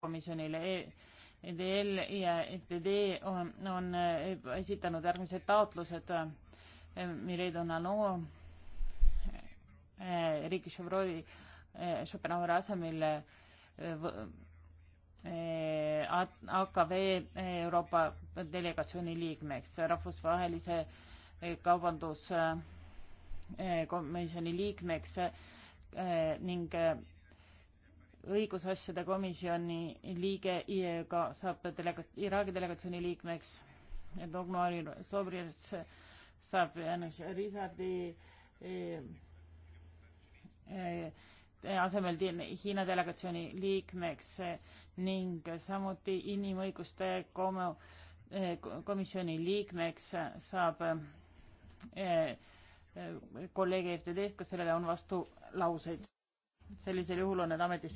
komisjonile e. EDL ja ETD on, on eh, esitanud järgmised taotlused. Eh, Mireille Donano e, eh, Ricky Chevrolet e, Schopenhaueri asemel AKV Euroopa delegatsiooni liikmeks, rahvusvahelise kaubanduskomisjoni liikmeks ning õigusasjade komisjoni liige ka saab delega-, Iraagi delegatsiooni liikmeks, Dogmari Sobrjevs saab Rizardi eh, eh, eh asemel Hiina delegatsiooni liikmeks ning samuti inimõiguste komo- eh,, komisjoni liikmeks saab eh, eh, kolleeg EFTD-st, kas sellele on vastulauseid? sellisel juhul on need ametis